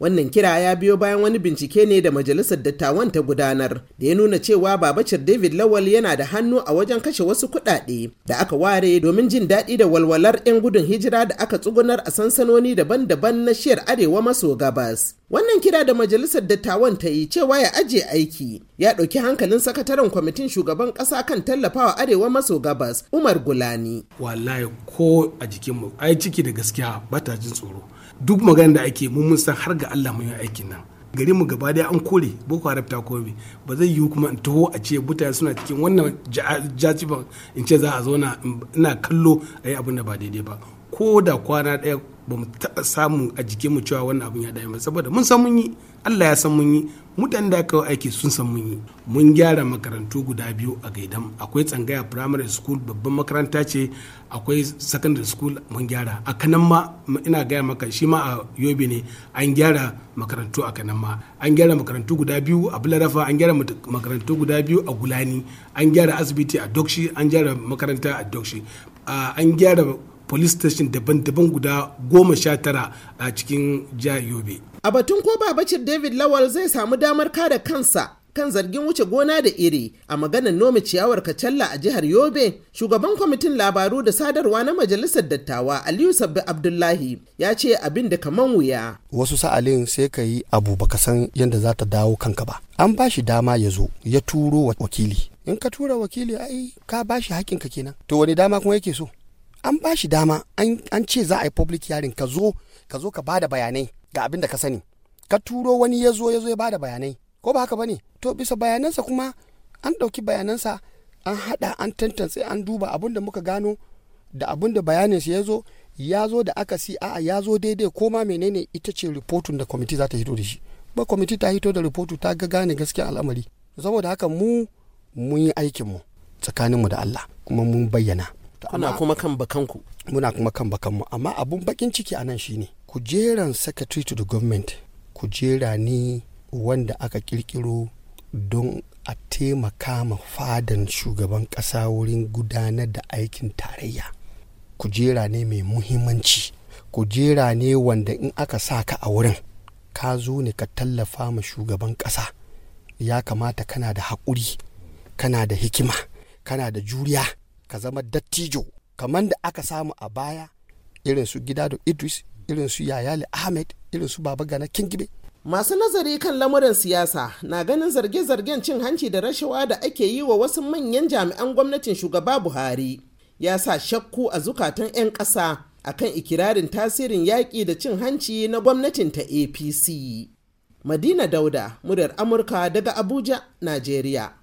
Wannan kira ya biyo bayan wani bincike ne da majalisar dattawan ta gudanar da ya nuna cewa Babacir David Lawal yana da hannu a wajen kashe wasu kuɗaɗe da aka ware domin jin daɗi da walwalar 'yan gudun hijira da aka tsugunar a sansanoni daban-daban na shiyar arewa maso gabas. Wannan kira da majalisar dattawan ta yi cewa ya ajiye aiki ya ɗauki hankalin sakataren kwamitin shugaban ƙasa kan tallafawa arewa maso gabas Umar Gulani. Wallahi ko a jikinmu ai ciki da gaskiya ba jin tsoro. duk magana da ake mun san har ga Allah mun yi aikin nan gari mu gaba daya an kore boko haram ta kome ba zai yiwu kuma in taho a ce mutane suna cikin wannan jajiban in ce za a zauna ina kallo a yi abin da ba daidai ba ko da kwana daya ba mu taɓa samu a jikin mu cewa wannan abin ya dame saboda mun san mun yi Allah ya san mun yi mutane da aka aiki sun san mun yi mun gyara makarantu guda biyu a gaidan akwai tsangaya primary school babban makaranta ce akwai secondary school mun gyara a kanan ma ina gaya maka shi ma a yobe ne an gyara makarantu a kanan ma an gyara makarantu guda biyu a bularafa an gyara makarantu guda biyu a gulani an gyara asibiti a dokshi an gyara makaranta a dokshi an gyara police station daban-daban guda goma sha tara a cikin jihar yobe a batun ko babacir david lawal zai samu damar kada kansa kan zargin wuce gona da iri a maganar noma ciyawar kacalla a jihar yobe shugaban kwamitin labaru da sadarwa na majalisar dattawa aliyu sabbi abdullahi ya ce abin da kaman wuya wasu sa'alin sai ka yi abu baka san yadda za ta dawo kanka ba an ba shi dama ya zo ya turo wakili in ka tura wakili ai ka ba shi hakinka kenan to wani dama kuma yake so an ba shi dama an ce za a yi public hearing ka zo ka zo ka bada bayanai ga abin da ka sani ka turo wani ya zo ya zo ya bada bayanai ko ba haka bane to bisa bayanansa kuma an ɗauki bayanansa an haɗa an tantance an duba abin da muka gano da abin da bayaninsa ya zo ya zo da aka si a'a ya zo daidai ko ma menene ita ce ripotun da kwamiti za ta hito da shi ba kwamiti ta hito da reportu ta ga gane gaskiyar al'amari saboda haka mu mun yi tsakanin mu da Allah kuma mun bayyana kuna kuma kan bakanku muna kuma kan bakanmu amma abun bakin ciki anan shine kujeran secretary to the government kujera ne wanda aka kirkiro don a taimaka ma fadan shugaban ƙasa wurin gudanar da aikin tarayya kujera ne mai muhimmanci kujera ne wanda in aka sa ka a wurin ka zo ne ka tallafa ma shugaban ƙasa ya kamata kana da haƙuri kana da hikima kana da juriya ka zama dattijo kamar da aka samu a baya irin su gidado idris irin su yayali ahmed irin su baba gana kingibe masu nazari kan lamuran siyasa na ganin zarge-zargen cin hanci da rashawa da ake yi wa wasu manyan jami'an gwamnatin shugaba buhari ya sa shakku a zukatan 'yan ƙasa akan ikirarin tasirin yaƙi da cin hanci na gwamnatin ta apc madina dauda muryar amurka daga abuja najeriya